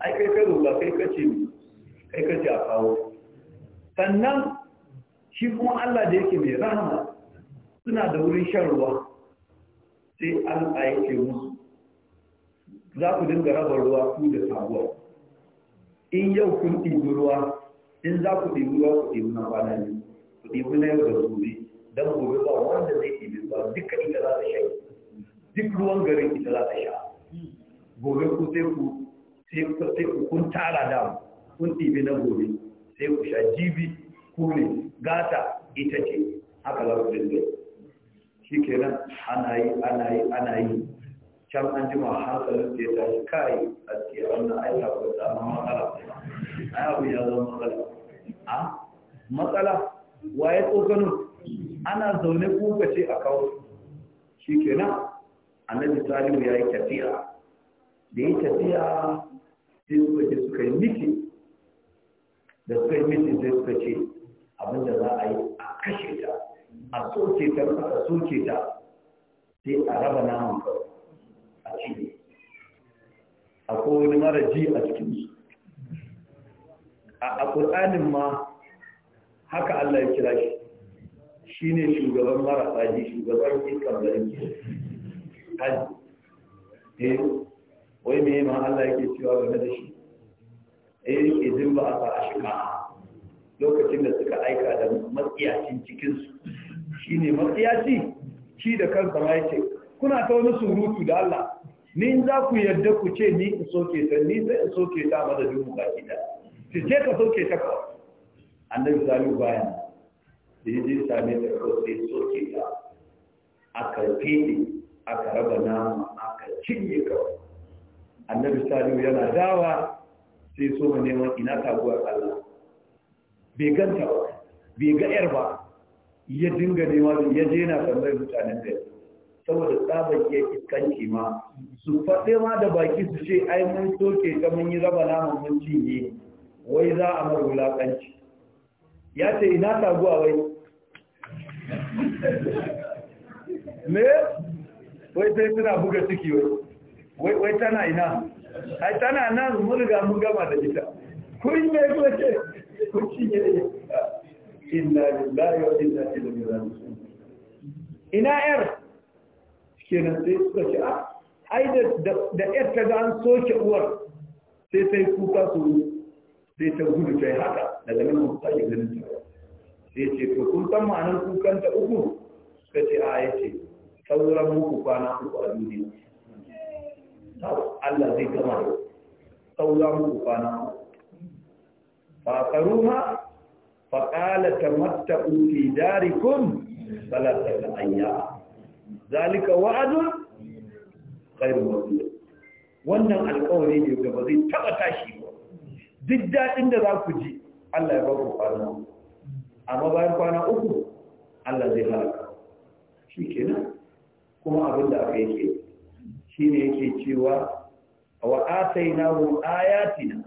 ai kai kai roƙa kai kace ne kai kace a kawo sannan shi kuma Allah da yake mai rahama suna da wurin shan ruwa sai an yake musu za ku dinga raba ruwa ku da sabuwa in yau kun ɗibi ruwa in za ku ɗibi ruwa ku ɗibi na kwana ne ku ɗibi na yau da gobe don gobe ba wanda zai ɗibi ruwa duka ita za ta sha duk ruwan garin ita za ta sha gobe ku sai ku sai ku kun tara da kun ɗibi na gobe sai ku sha jibi kule gata ita ce haka za su dinga shi nan ana yi ana yi ana yi can an ma hankalin da ya tashi kai a cikin wannan aika ko zama matsala a yabu ya zama matsala a matsala waye tsokano ana zaune kuka ce a kawo shi kenan annabi talibu ya yi tafiya da yi tafiya sai suka suka yi miki da suka yi miki sai suka ce abin da za a yi a kashe ta a soke ta a soke ta sai a raba naman a cikin a kowane mara ji a cikin su a ƙur'anin ma haka Allah ya kira shi shi ne shugaban marasa ji shugaban da yake haji eh wai me ma Allah yake cewa game da shi eh izin ba a fara a shika lokacin da suka aika da matsiyacin cikinsu shi ne matsiyaci shi da kansa ma ce kuna ta wani surutu da Allah ni za ku yarda ku ce ni in soke ta ni sai in soke ta da dubu baki da su ce ka soke ta ko annabi zalu bayan da ya je same ta kawai sai soke ta a karfe ne aka raba nama aka cinye kawai annabi salihu yana dawa sai so neman ina taguwar Allah bai ganta ba bai ga yar ba ya dinga nema ya je na tambayar mutanen da saboda tsabar ya iskanci ma su faɗe ma da baki su ce ai mun soke ta mun yi raba naman mun cinye wai za a mara wulaƙanci ya ce ina taguwa wai me wai sai suna buga ciki wai wai tana ina ai tana nan mun riga mun gama da ita kun me kuma ce inna lillahi wa inna ilaihi raji'un ina yar kenan sai suka ce a ah, ai da da yar ta ga an soke uwar sai sai kuka su sai ta gudu ta yi haka daga nan mun sake ganin ta sai ce to kun san ma'anar kukan ta uku suka ce a ah, yace sauran muku kwana uku a duniya Allah zai gama sauran muku kwana uku ba karuha faƙala ta matta ufi darikun salata ta ayya zalika wa'adun ƙairu wasu wannan alƙawari ne ga ba zai taɓa tashi ba duk daɗin da za ku ji Allah ya baku ku kwana amma bayan kwana uku Allah zai halaka shi nan kuma abin da aka yake shi ne yake cewa a wa atainahu ayatina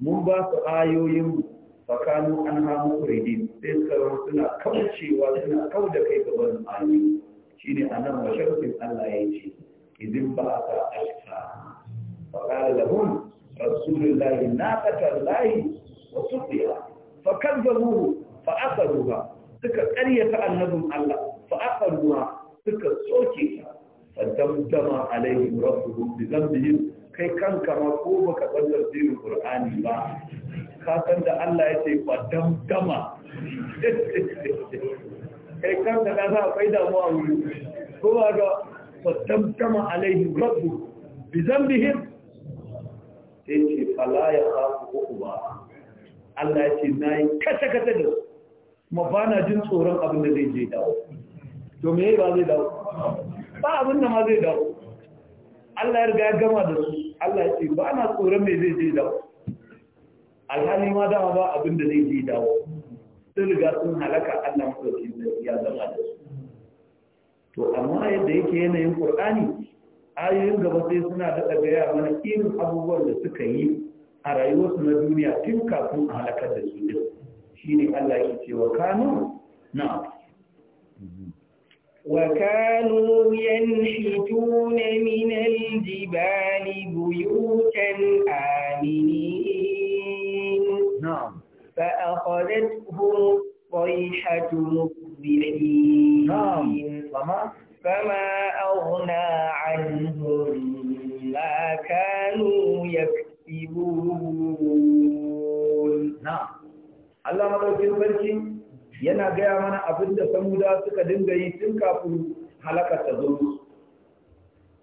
mun ba su ayoyin fakanu an hamu kuridin sai suka zama suna kaucewa suna kau da kai ga barin ayoyi shine anan masharfin Allah ya ce idin ba ka ashka fakala lahum rasulullahi naqata lahi wa suqiya fakazzabuhu fa aqaruha suka ta annabin Allah fa aqaruha suka soke ta fa damdama alaihim rabbuhum bi dhanbihim kai kanka ma ko baka san tafsirin Qur'ani ba ka san da Allah ya ce ba damdama kai kanka ka sa akwai damuwa wuri ko ba ga ba damdama alaihi rabbu bi zambihim sai ce fala ya khafu ba. Allah ya ce nayi kata kata da kuma ba na jin tsoron abin da zai je dawo to me ba zai dawo ba abin da ma zai dawo Allah ya riga ya gama da su Allah ya ce ba na tsoron mai zai je dawo alhali ma dama ba abin da zai je dawo sun riga sun halaka Allah maɗauki ya zama da su to amma yadda yake yanayin Al-Qur'ani ayoyin gaba sai suna da gaya mana irin abubuwan da suka yi a rayuwarsu na duniya tun kafin a halakar da su shi ne Allah ya ce wa kanu na'am وكانوا ينحتون من الجبال بيوتا آمنين نعم فأخذتهم الصيحة مصبحين نعم فما أغنى عنهم ما كانوا يكسبون نعم الله مدوكين فرشين yana gaya mana abin da samuda suka dinga yi tun kafin halakar ta zo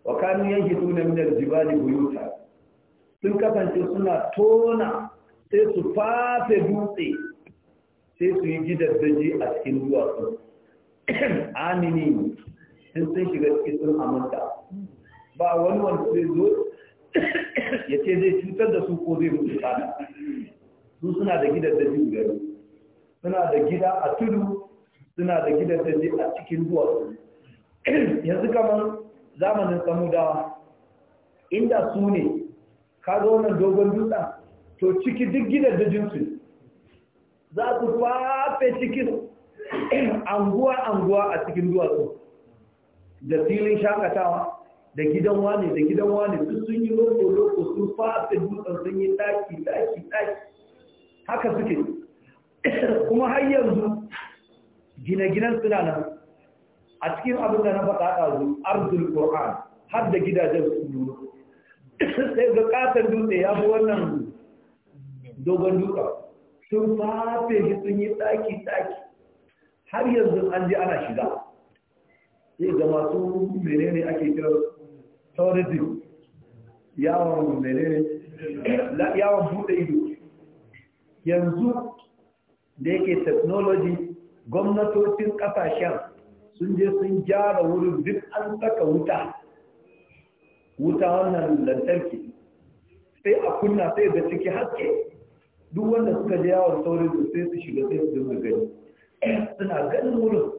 wa kanu yanki tuna min aljibali buyuta sun kasance suna tona sai su fafe dutse sai su yi daji a cikin duwatsu amini sun sun shiga cikin sun aminta ba wani wani sai zo ya ce zai cutar da su ko zai mutu kana su suna da daji gari suna da gida a tudu suna da gida da a cikin duwatsu yanzu kamar zamanin samudawa inda su ne ka zo wannan dogon dutsen to ciki duk gidan da jinsu za su fafe cikin anguwa-anguwa a cikin duwatsu da filin shakatawa da gidan wane da gidan wane su sun yi loko-loko sun fafe dutsen sun yi daki-daki-daki haka suke kuma har yanzu gine-ginen suna nan a cikin abin da na faɗa ɗazu arzul ƙoran har da gidajen suna, sai ga ƙasar dutse ya fi wannan dogon duka sun fafe shi sun yi tsaki-tsaki har yanzu an ji ana shiga sai ga masu menene ake kira tourism yawon menene yawon buɗe ido yanzu da yake technology gwamnatocin kasashen sun je sun gyara wurin duk an saka wuta wuta wannan lantarki sai a kunna sai da ciki haske duk wanda suka je yawon saurin su sai su shiga sai su dinga gani suna ganin wurin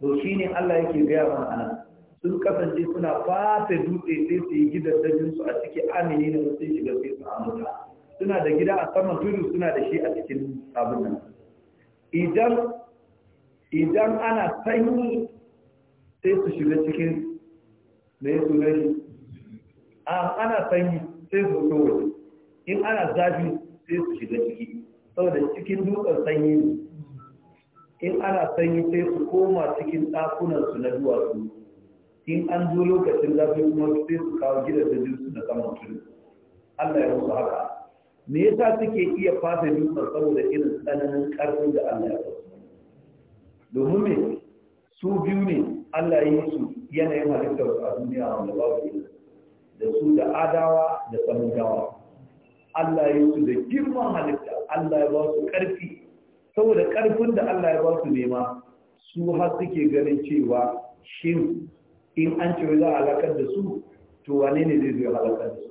to shi ne Allah yake gaya mana ana sun kasance suna fata dutse sai su yi gidan dajinsu a ciki amini ne sai shiga sai su amuta suna da gida a saman tudu suna da shi a cikin abin nan idan idan ana sanyi sai su shiga cikin da ya suna shi ana sanyi sai su fito waje in ana zafi sai su shiga ciki saboda cikin dutsen sanyi ne in ana sanyi sai su koma cikin su na duwatsu in an zo lokacin zafi kuma sai su kawo da su da saman tudu Allah ya musu haka me yasa suke iya fasa dutsen saboda irin tsananin ƙarfin da Allah ya kawo domin me su biyu ne Allah ya yi su yanayin halittar a duniya wanda babu irin da su da adawa da samudawa Allah ya su da girman halitta Allah ya ba su ƙarfi saboda ƙarfin da Allah ya ba su nema su har suke ganin cewa shin in an ce za a halakar da su to wane ne zai zai halakar da su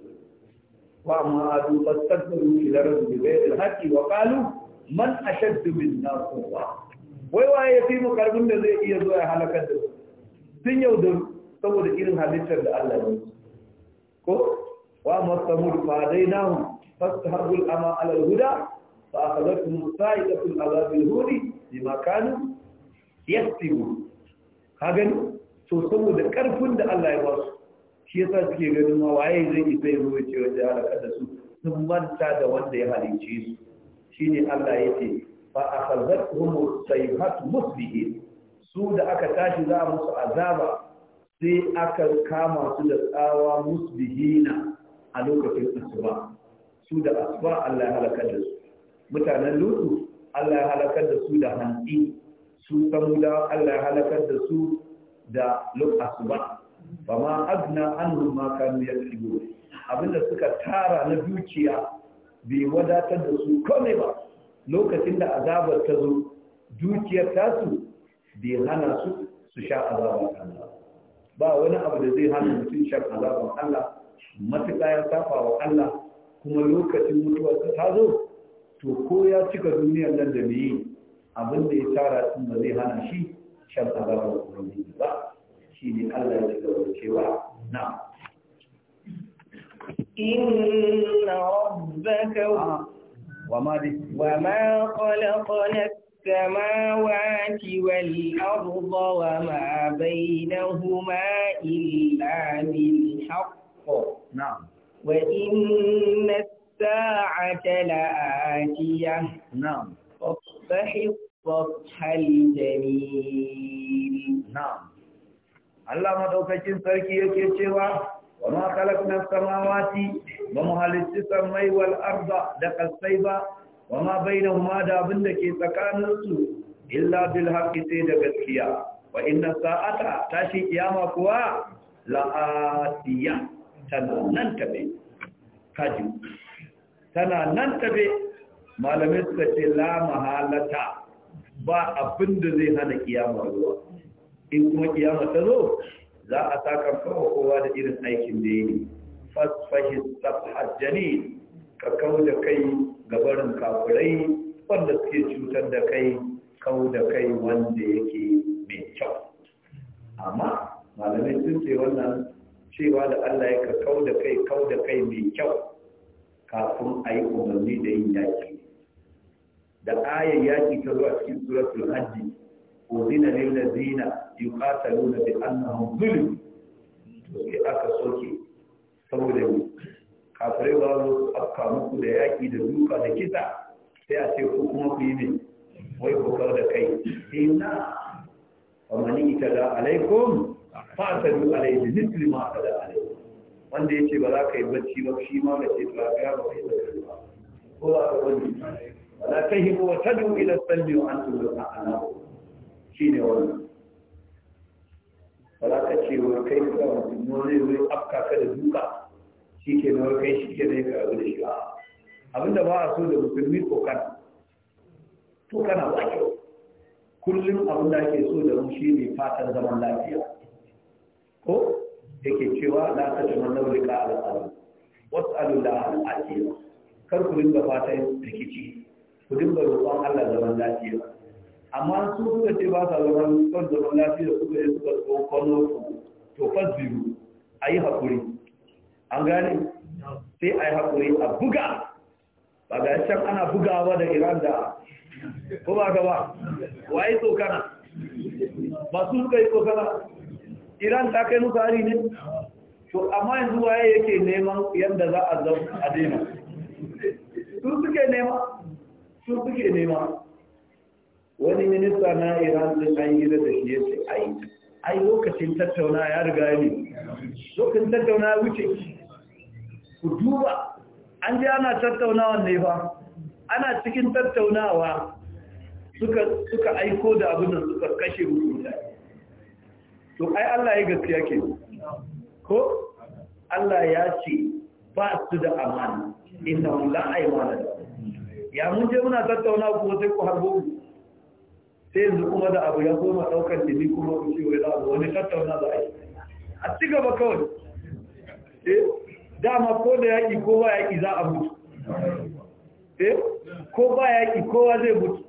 وأما آدوا فاستكبروا في الأرض بغير الحق وقالوا من أشد منا قوة waiwaye ya fi mu karbin da zai iya zuwa ya halakar da su sun yaudaru saboda irin halittar da Allah ne ko wa masamud fa fastahabul ama ala alhuda fa akhadhatuhum sa'iqatul azabil hudi bima kanu yaktibu kagan So saboda karfin da Allah ya ba su shi yasa suke ganin ma waye zai isa ya zo ce wanda halaka da su sun manta da wanda ya halice su shine Allah ya ce fa akhadhatuhum sayhat muslihin su da aka tashi za a musu azaba sai aka kama su da tsawa musbihina a lokacin asuba su da asuba Allah ya halaka da su mutanen lutu Allah ya halakar da su da hantsi su samuda Allah ya halakar da su da lokacin asuba ba ma abna anhum ma kanu yaksubu abinda suka tara na dukiya bai wadatar da su kome ba lokacin da azabar ta zo dukiyar tasu bai hana su su sha azabar Allah ba wani abu da zai hana mutum shan azabar Allah matuƙa ya safa wa Allah kuma lokacin mutuwar ta zo to ko ya cika duniyar nan da bai abinda ya tara din ba zai hana shi shan azabar Allah ba shi ne Allah ya gaba cewa na inna rabbaka وما وما خلقنا السماوات والأرض وما بينهما إلا بالحق نعم وإن الساعة لآتية نعم فاصبح الصفح الجميل نعم Allah madaukakin sarki yake cewa wa ma khalaqna samawati wa ma halitta samai wal arda da kasai ba wa ma bainahuma da abin da ke tsakanin su illa bil haqqi sai da gaskiya wa inna sa'ata tashi kiyama kuwa atiya tana nan tabe kaji tana nan tabe malamai suka ce la mahalata ba abinda zai hana kiyama zuwa in kuma kiyama ta zo za a saka kawo kowa da irin aikin da yi fasfahi safhar janin ka kau da kai gabarin kafurai wanda suke cutar da kai kau da kai wanda yake mai kyau amma malamai sun ce wannan cewa da Allah ya ka kau da kai kau da kai mai kyau kafin a yi umarni da yin yaki da ayar yaki ta zuwa cikin suratul hajji uzina lil ladina yuqataluna bi annahum zulm to sai aka soke saboda kafirai ba su afka muku da yaki da duka da kisa sai a ce ku kuma ku yi min? wai kokar da kai inna wa mani itada alaikum fa sadu alaihi mithli ma da alaikum wanda ya ce ba za ka yi bacci ba shi ma ka ce to ga ba kai ba ko za ka wani wala tahimu wa tadu ila salli wa antum la ta'lamun Shi ne wannan ba za ka ce wa kai ka wani zai wuri afka ka da duka shi ke na kai shi ke na ka abu da shi ba abinda ba a so da musulmi ko kana to kana ba kyau kullum abin da ake so da mu shi ne fatan zaman lafiya ko da ke cewa la ta tuma al'adu wasu alula al'adiyya kar ku dinga fatan rikici ku dinga roƙon Allah zaman lafiya amma su suka ce ba sa zaman kan zaman lafiya suka yi suka tsohon kwallo su to fa biyu a yi haƙuri an gane sai a yi haƙuri a buga ba ga can ana bugawa da iran da ko ba ka ba wa yi tsokana ba su suka yi tsokana iran ta kai musu hari ne to amma yanzu waye yake neman yadda za a zama a daina su suke nema su suke nema wani minista na iran zai an yi da shi ya ce ai ai lokacin tattauna ya riga ne lokacin tattauna ya wuce ku duba an ji ana tattaunawa ne ba, ana cikin tattaunawa suka suka aiko da abin da suka kashe mutum to ai Allah ya gaskiya ke ko Allah ya ce ba su da amana inna la aymana ya mun je muna tattauna ko sai ku harbo sai yanzu kuma da abu ya koma daukar jini kuma wuce wai za a wani tattauna za a yi a ci gaba kawai eh dama ko da yaƙi ko ba yaƙi za a mutu eh ko ba yaƙi kowa zai mutu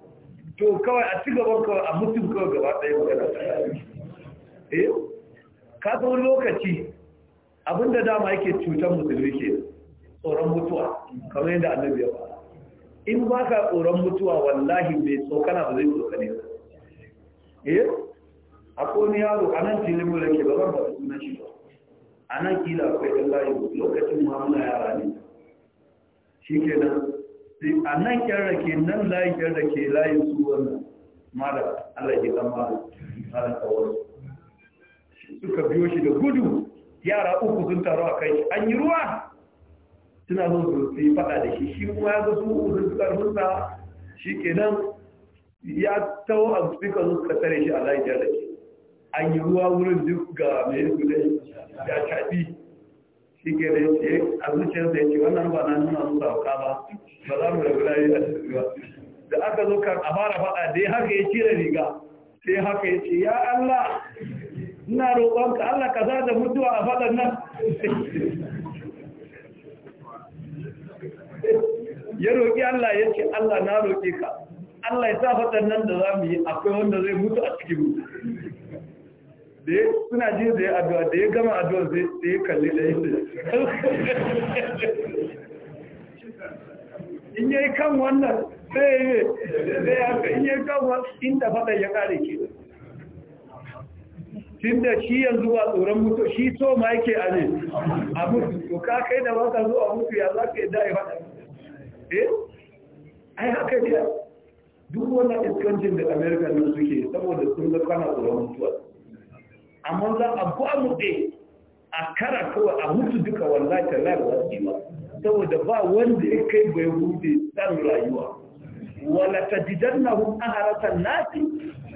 to kawai a ci gaba kawai a mutum kawai gaba ɗaya magana eh ka wani lokaci abinda dama yake cutar musulmi ke tsoron mutuwa kamar yadda annabi ya fara in ba ka tsoron mutuwa wallahi mai tsokana ba zai tsokane ba eh akwai wani yaro a nan filin mu ke ba zan ba sunan shi ba a nan kila akwai ɗan layi lokacin ma muna yara ne shi ke nan a nan ƙyar ke nan layin ƙyar rake layin su wannan mara Allah ke ɗan mara mara kawai suka biyo shi da gudu yara uku sun taru a kai an yi ruwa suna zo su yi faɗa da shi shi kuma ya ga su uku sun karfinsa shi ke nan ya tawo a duka su suka tare shi a lafiya da ke an yi ruwa wurin duk ga mai gudun ya caɓi shi ke da yake a ya yake wannan ba na nuna ba hauka ba ba za mu rabu rayu da cikin ba da aka zo kan a fara faɗa ya haka ya cire riga sai haka ya ce ya Allah ina ka. Allah ka za da mutuwa a faɗan nan ya roƙi Allah ya ce Allah na roƙe ka Allah ya sa fatan nan da za mu yi akwai wanda zai mutu a cikin mu da ya suna jin da addu'a da ya gama addu'a da ya kalli da yin in yi kan wannan sai yi zai haka in yi kan wannan inda fatan ya kare ke tun da shi yanzu ba tsoron mutu shi so ma yake a ne a mutu to ka kai da ka zo a mutu ya za ka yi da ya faɗa eh ai haka ne duk wani iskancin da amerika ne suke saboda sun ga kana tsoron mutuwa amma za a ba mu a kara kawai a mutu duka wanda ta ba su ba saboda ba wanda ya kai bai hude san rayuwa wala an harata nasi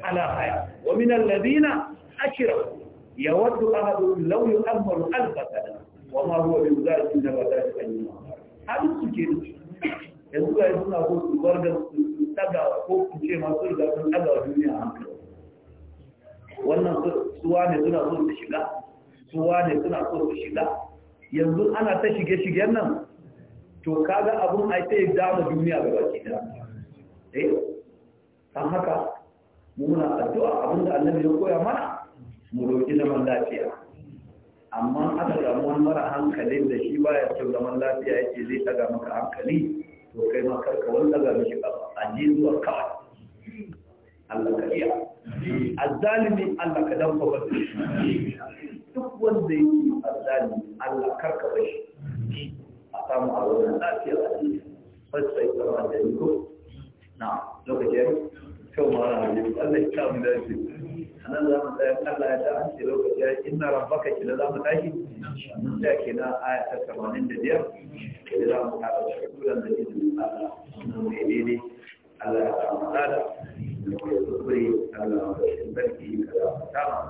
ala haya wa min alladhina ashraku yawaddu ahaduhum law yu'ammaru alf sana wa ma huwa bi dhalikin nabata ta yawm hadu suke yanzu ga suna ko su bar da su daga ko su ce ma su riga sun daga duniya hankali wannan suwa ne suna so su shiga suwa ne suna so su shiga yanzu ana ta shige-shigen nan to kaga abun ai sai dama duniya ga baki da eh san haka muna addu'a da annabi ya koya mana mu roki zaman lafiya amma aka samu wani mara hankalin da shi baya son zaman lafiya yake zai daga maka hankali to kai ma karka wani daga mishi kafa a ji zuwa kawai Allah ka iya azzalimi Allah ka dan fabar duk wanda yake azzalimi Allah karka bashi a samu a wannan lafiya a cikin kamar da na lokaci kyau ma na biyu Allah ya sa mu dace anan za mu tsaya Allah ya ta an ce lokaci ya inna rabbaka za mu tashi mun da ke na aya ta 85 da za mu fara shukuran da izinin Allah mu ne daidai Allah ya ta mu tsada da ku tsuri Allah ya barki ka da tama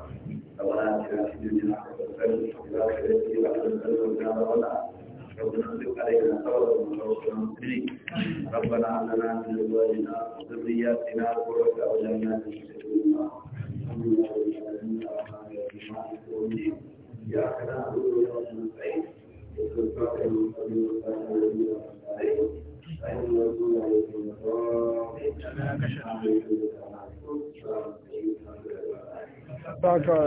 da wannan cikin cikin da ka da da da da da da وتصدق علينا قولهم وتوفنا مسلمين ربنا لنا من ازواجنا وذرياتنا قرة اعيننا يا أخنا أعوذ بك من السعيد استغفرك من قبل وأستغفر لك عليه فإن رسول الله يكون صادقا عليك بك